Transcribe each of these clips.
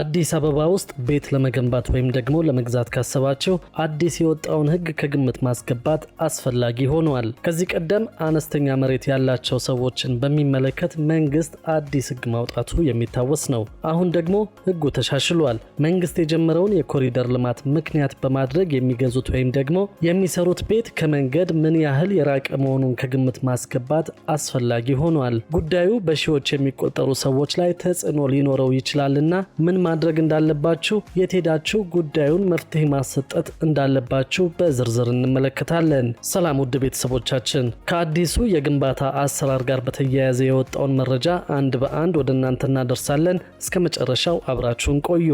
አዲስ አበባ ውስጥ ቤት ለመገንባት ወይም ደግሞ ለመግዛት ካሰባቸው አዲስ የወጣውን ሕግ ከግምት ማስገባት አስፈላጊ ሆኗል። ከዚህ ቀደም አነስተኛ መሬት ያላቸው ሰዎችን በሚመለከት መንግስት አዲስ ሕግ ማውጣቱ የሚታወስ ነው። አሁን ደግሞ ሕጉ ተሻሽሏል። መንግስት የጀመረውን የኮሪደር ልማት ምክንያት በማድረግ የሚገዙት ወይም ደግሞ የሚሰሩት ቤት ከመንገድ ምን ያህል የራቀ መሆኑን ከግምት ማስገባት አስፈላጊ ሆኗል። ጉዳዩ በሺዎች የሚቆጠሩ ሰዎች ላይ ተጽዕኖ ሊኖረው ይችላልና ምን ማድረግ እንዳለባችሁ፣ የት ሄዳችሁ ጉዳዩን መፍትሄ ማሰጠት እንዳለባችሁ በዝርዝር እንመለከታለን። ሰላም ውድ ቤተሰቦቻችን፣ ከአዲሱ የግንባታ አሰራር ጋር በተያያዘ የወጣውን መረጃ አንድ በአንድ ወደ እናንተ እናደርሳለን። እስከ መጨረሻው አብራችሁን ቆዩ።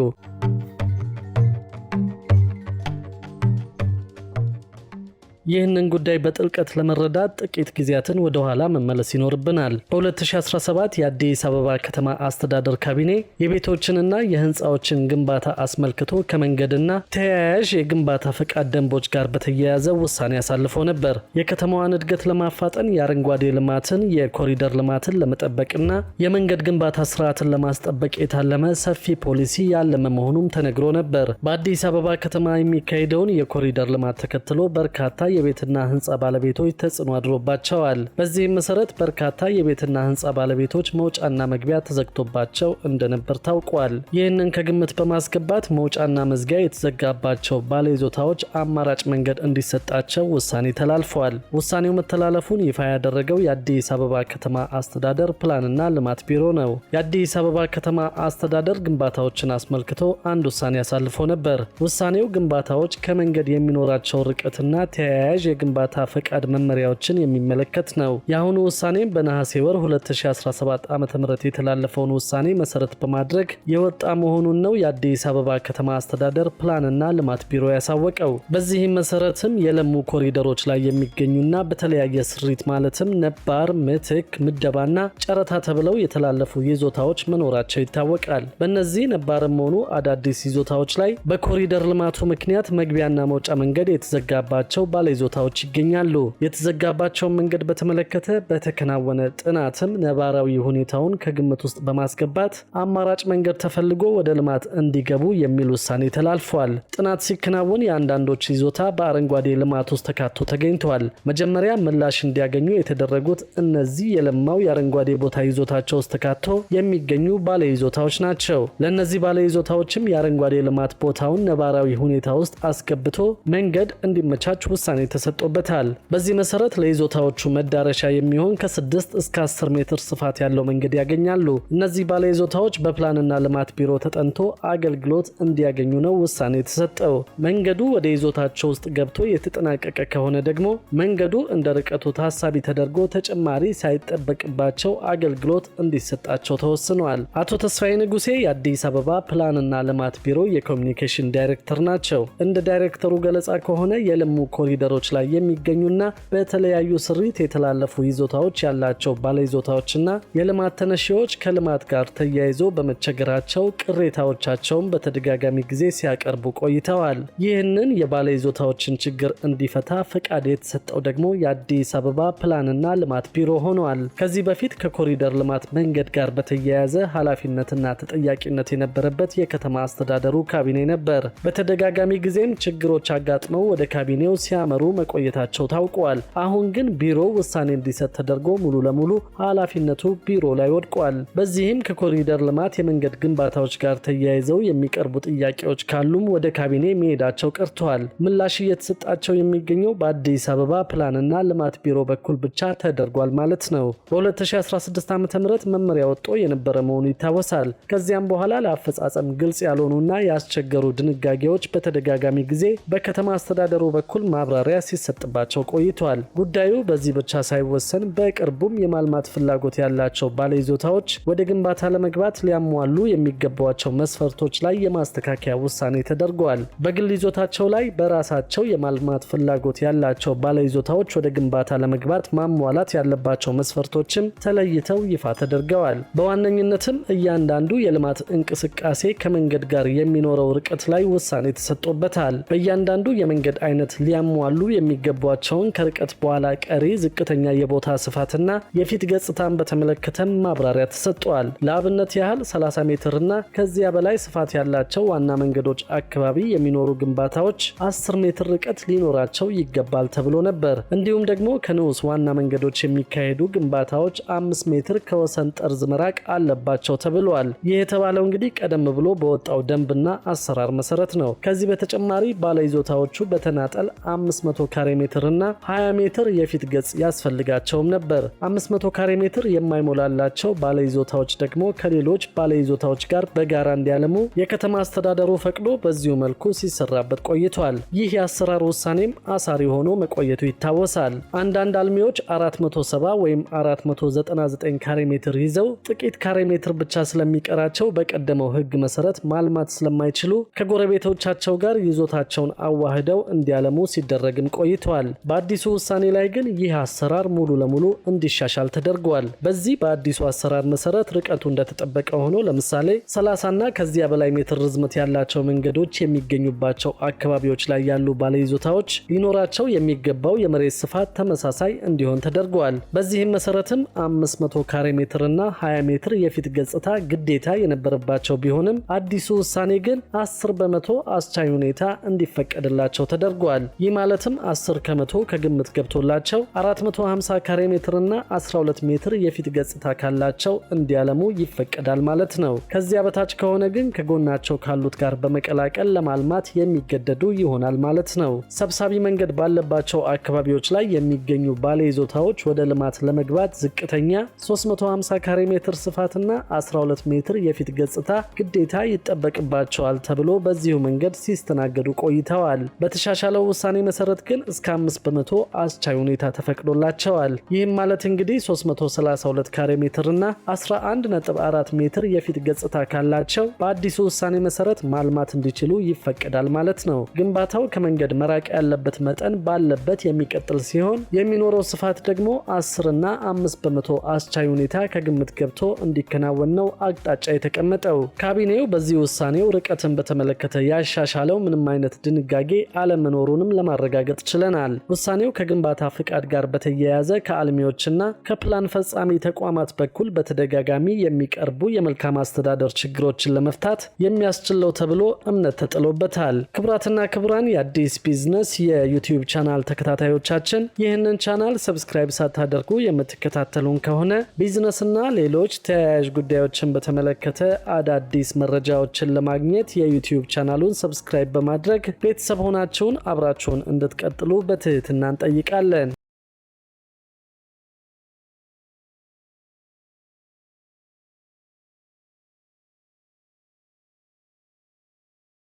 ይህንን ጉዳይ በጥልቀት ለመረዳት ጥቂት ጊዜያትን ወደኋላ መመለስ ይኖርብናል። በ2017 የአዲስ አበባ ከተማ አስተዳደር ካቢኔ የቤቶችንና የህንፃዎችን ግንባታ አስመልክቶ ከመንገድና ተያያዥ የግንባታ ፈቃድ ደንቦች ጋር በተያያዘ ውሳኔ አሳልፎ ነበር። የከተማዋን እድገት ለማፋጠን የአረንጓዴ ልማትን፣ የኮሪደር ልማትን ለመጠበቅና የመንገድ ግንባታ ስርዓትን ለማስጠበቅ የታለመ ሰፊ ፖሊሲ ያለመ መሆኑም ተነግሮ ነበር። በአዲስ አበባ ከተማ የሚካሄደውን የኮሪደር ልማት ተከትሎ በርካታ የቤትና ህንፃ ባለቤቶች ተጽዕኖ አድሮባቸዋል። በዚህም መሰረት በርካታ የቤትና ህንፃ ባለቤቶች መውጫና መግቢያ ተዘግቶባቸው እንደነበር ታውቋል። ይህንን ከግምት በማስገባት መውጫና መዝጊያ የተዘጋባቸው ባለይዞታዎች አማራጭ መንገድ እንዲሰጣቸው ውሳኔ ተላልፏል። ውሳኔው መተላለፉን ይፋ ያደረገው የአዲስ አበባ ከተማ አስተዳደር ፕላንና ልማት ቢሮ ነው። የአዲስ አበባ ከተማ አስተዳደር ግንባታዎችን አስመልክቶ አንድ ውሳኔ አሳልፎ ነበር። ውሳኔው ግንባታዎች ከመንገድ የሚኖራቸው ርቀትና ተያያ ተያያዥ የግንባታ ፈቃድ መመሪያዎችን የሚመለከት ነው። የአሁኑ ውሳኔ በነሐሴ ወር 2017 ዓ ም የተላለፈውን ውሳኔ መሰረት በማድረግ የወጣ መሆኑን ነው የአዲስ አበባ ከተማ አስተዳደር ፕላንና ልማት ቢሮ ያሳወቀው። በዚህም መሰረትም የለሙ ኮሪደሮች ላይ የሚገኙና በተለያየ ስሪት ማለትም ነባር፣ ምትክ፣ ምደባና ጨረታ ተብለው የተላለፉ ይዞታዎች መኖራቸው ይታወቃል። በእነዚህ ነባርም ሆኑ አዳዲስ ይዞታዎች ላይ በኮሪደር ልማቱ ምክንያት መግቢያና መውጫ መንገድ የተዘጋባቸው ባለ ይዞታዎች ይገኛሉ። የተዘጋባቸውን መንገድ በተመለከተ በተከናወነ ጥናትም ነባራዊ ሁኔታውን ከግምት ውስጥ በማስገባት አማራጭ መንገድ ተፈልጎ ወደ ልማት እንዲገቡ የሚል ውሳኔ ተላልፏል። ጥናት ሲከናወን የአንዳንዶች ይዞታ በአረንጓዴ ልማት ውስጥ ተካቶ ተገኝተዋል። መጀመሪያ ምላሽ እንዲያገኙ የተደረጉት እነዚህ የለማው የአረንጓዴ ቦታ ይዞታቸው ውስጥ ተካቶ የሚገኙ ባለ ይዞታዎች ናቸው። ለእነዚህ ባለ ይዞታዎችም የአረንጓዴ ልማት ቦታውን ነባራዊ ሁኔታ ውስጥ አስገብቶ መንገድ እንዲመቻች ውሳኔ ውሳኔ ተሰጥቶበታል። በዚህ መሰረት ለይዞታዎቹ መዳረሻ የሚሆን ከ6 እስከ 10 ሜትር ስፋት ያለው መንገድ ያገኛሉ። እነዚህ ባለይዞታዎች በፕላንና ልማት ቢሮ ተጠንቶ አገልግሎት እንዲያገኙ ነው ውሳኔ የተሰጠው። መንገዱ ወደ ይዞታቸው ውስጥ ገብቶ የተጠናቀቀ ከሆነ ደግሞ መንገዱ እንደ ርቀቱ ታሳቢ ተደርጎ ተጨማሪ ሳይጠበቅባቸው አገልግሎት እንዲሰጣቸው ተወስኗል። አቶ ተስፋዬ ንጉሴ የአዲስ አበባ ፕላንና ልማት ቢሮ የኮሚኒኬሽን ዳይሬክተር ናቸው። እንደ ዳይሬክተሩ ገለጻ ከሆነ የለሙ ኮሪደር ነገሮች ላይ የሚገኙና በተለያዩ ስሪት የተላለፉ ይዞታዎች ያላቸው ባለይዞታዎችና የልማት ተነሺዎች ከልማት ጋር ተያይዞ በመቸገራቸው ቅሬታዎቻቸውን በተደጋጋሚ ጊዜ ሲያቀርቡ ቆይተዋል። ይህንን የባለይዞታዎችን ችግር እንዲፈታ ፈቃድ የተሰጠው ደግሞ የአዲስ አበባ ፕላንና ልማት ቢሮ ሆኗል። ከዚህ በፊት ከኮሪደር ልማት መንገድ ጋር በተያያዘ ኃላፊነትና ተጠያቂነት የነበረበት የከተማ አስተዳደሩ ካቢኔ ነበር። በተደጋጋሚ ጊዜም ችግሮች አጋጥመው ወደ ካቢኔው ሲያመ ሲመሩ መቆየታቸው ታውቋል። አሁን ግን ቢሮው ውሳኔ እንዲሰጥ ተደርጎ ሙሉ ለሙሉ ኃላፊነቱ ቢሮ ላይ ወድቋል። በዚህም ከኮሪደር ልማት የመንገድ ግንባታዎች ጋር ተያይዘው የሚቀርቡ ጥያቄዎች ካሉም ወደ ካቢኔ መሄዳቸው ቀርተዋል። ምላሽ እየተሰጣቸው የሚገኘው በአዲስ አበባ ፕላንና ልማት ቢሮ በኩል ብቻ ተደርጓል ማለት ነው። በ2016 ዓ ም መመሪያ ወጥቶ የነበረ መሆኑ ይታወሳል። ከዚያም በኋላ ለአፈጻጸም ግልጽ ያልሆኑና ያስቸገሩ ድንጋጌዎች በተደጋጋሚ ጊዜ በከተማ አስተዳደሩ በኩል ማብራሪያ ማብራሪያ ሲሰጥባቸው ቆይተዋል። ጉዳዩ በዚህ ብቻ ሳይወሰን በቅርቡም የማልማት ፍላጎት ያላቸው ባለይዞታዎች ወደ ግንባታ ለመግባት ሊያሟሉ የሚገባቸው መስፈርቶች ላይ የማስተካከያ ውሳኔ ተደርገዋል። በግል ይዞታቸው ላይ በራሳቸው የማልማት ፍላጎት ያላቸው ባለይዞታዎች ወደ ግንባታ ለመግባት ማሟላት ያለባቸው መስፈርቶችም ተለይተው ይፋ ተደርገዋል። በዋነኝነትም እያንዳንዱ የልማት እንቅስቃሴ ከመንገድ ጋር የሚኖረው ርቀት ላይ ውሳኔ ተሰጥቶበታል። በእያንዳንዱ የመንገድ አይነት ሊያሟሉ ያሉ የሚገቧቸውን ከርቀት በኋላ ቀሪ ዝቅተኛ የቦታ ስፋትና የፊት ገጽታን በተመለከተም ማብራሪያ ተሰጥቷል። ለአብነት ያህል 30 ሜትርና ከዚያ በላይ ስፋት ያላቸው ዋና መንገዶች አካባቢ የሚኖሩ ግንባታዎች 10 ሜትር ርቀት ሊኖራቸው ይገባል ተብሎ ነበር። እንዲሁም ደግሞ ከንዑስ ዋና መንገዶች የሚካሄዱ ግንባታዎች 5 ሜትር ከወሰን ጠርዝ መራቅ አለባቸው ተብሏል። ይህ የተባለው እንግዲህ ቀደም ብሎ በወጣው ደንብና አሰራር መሰረት ነው። ከዚህ በተጨማሪ ባለይዞታዎቹ በተናጠል 5 500 ካሬ ሜትር እና 20 ሜትር የፊት ገጽ ያስፈልጋቸውም ነበር። 500 ካሬ ሜትር የማይሞላላቸው ባለይዞታዎች ደግሞ ከሌሎች ባለይዞታዎች ጋር በጋራ እንዲያለሙ የከተማ አስተዳደሩ ፈቅዶ በዚሁ መልኩ ሲሰራበት ቆይቷል። ይህ የአሰራር ውሳኔም አሳሪ ሆኖ መቆየቱ ይታወሳል። አንዳንድ አልሚዎች 470 ወይም 499 ካሬ ሜትር ይዘው ጥቂት ካሬ ሜትር ብቻ ስለሚቀራቸው በቀደመው ሕግ መሰረት ማልማት ስለማይችሉ ከጎረቤቶቻቸው ጋር ይዞታቸውን አዋህደው እንዲያለሙ ሲደረግ ሲያግን ቆይተዋል። በአዲሱ ውሳኔ ላይ ግን ይህ አሰራር ሙሉ ለሙሉ እንዲሻሻል ተደርጓል። በዚህ በአዲሱ አሰራር መሰረት ርቀቱ እንደተጠበቀ ሆኖ ለምሳሌ 30ና ከዚያ በላይ ሜትር ርዝመት ያላቸው መንገዶች የሚገኙባቸው አካባቢዎች ላይ ያሉ ባለይዞታዎች ሊኖራቸው የሚገባው የመሬት ስፋት ተመሳሳይ እንዲሆን ተደርጓል። በዚህም መሰረትም 500 ካሬ ሜትርና 20 ሜትር የፊት ገጽታ ግዴታ የነበረባቸው ቢሆንም አዲሱ ውሳኔ ግን 10 በመቶ አስቻይ ሁኔታ እንዲፈቀድላቸው ተደርጓል። ይህ ማለት ማለትም 10 ከመቶ ከግምት ገብቶላቸው 450 ካሬ ሜትርና 12 ሜትር የፊት ገጽታ ካላቸው እንዲያለሙ ይፈቀዳል ማለት ነው። ከዚያ በታች ከሆነ ግን ከጎናቸው ካሉት ጋር በመቀላቀል ለማልማት የሚገደዱ ይሆናል ማለት ነው። ሰብሳቢ መንገድ ባለባቸው አካባቢዎች ላይ የሚገኙ ባለ ይዞታዎች ወደ ልማት ለመግባት ዝቅተኛ 350 ካሬ ሜትር ስፋትና 12 ሜትር የፊት ገጽታ ግዴታ ይጠበቅባቸዋል ተብሎ በዚሁ መንገድ ሲስተናገዱ ቆይተዋል። በተሻሻለው ውሳኔ መሰረት መሰረት ግን እስከ 5 በመቶ አስቻይ ሁኔታ ተፈቅዶላቸዋል። ይህም ማለት እንግዲህ 332 ካሬ ሜትር እና 11.4 ሜትር የፊት ገጽታ ካላቸው በአዲሱ ውሳኔ መሰረት ማልማት እንዲችሉ ይፈቀዳል ማለት ነው። ግንባታው ከመንገድ መራቅ ያለበት መጠን ባለበት የሚቀጥል ሲሆን የሚኖረው ስፋት ደግሞ 10 እና 5 በመቶ አስቻይ ሁኔታ ከግምት ገብቶ እንዲከናወን ነው አቅጣጫ የተቀመጠው። ካቢኔው በዚህ ውሳኔው ርቀትን በተመለከተ ያሻሻለው ምንም አይነት ድንጋጌ አለመኖሩንም ለማረጋ ማረጋገጥ ችለናል። ውሳኔው ከግንባታ ፍቃድ ጋር በተያያዘ ከአልሚዎችና ከፕላን ፈጻሚ ተቋማት በኩል በተደጋጋሚ የሚቀርቡ የመልካም አስተዳደር ችግሮችን ለመፍታት የሚያስችለው ተብሎ እምነት ተጥሎበታል። ክቡራትና ክቡራን የአዲስ ቢዝነስ የዩቲዩብ ቻናል ተከታታዮቻችን ይህንን ቻናል ሰብስክራይብ ሳታደርጉ የምትከታተሉን ከሆነ ቢዝነስና ሌሎች ተያያዥ ጉዳዮችን በተመለከተ አዳዲስ መረጃዎችን ለማግኘት የዩቲዩብ ቻናሉን ሰብስክራይብ በማድረግ ቤተሰብ ሆናችሁን አብራችሁን እንደ ከማለት ቀጥሎ በትህትና እንጠይቃለን።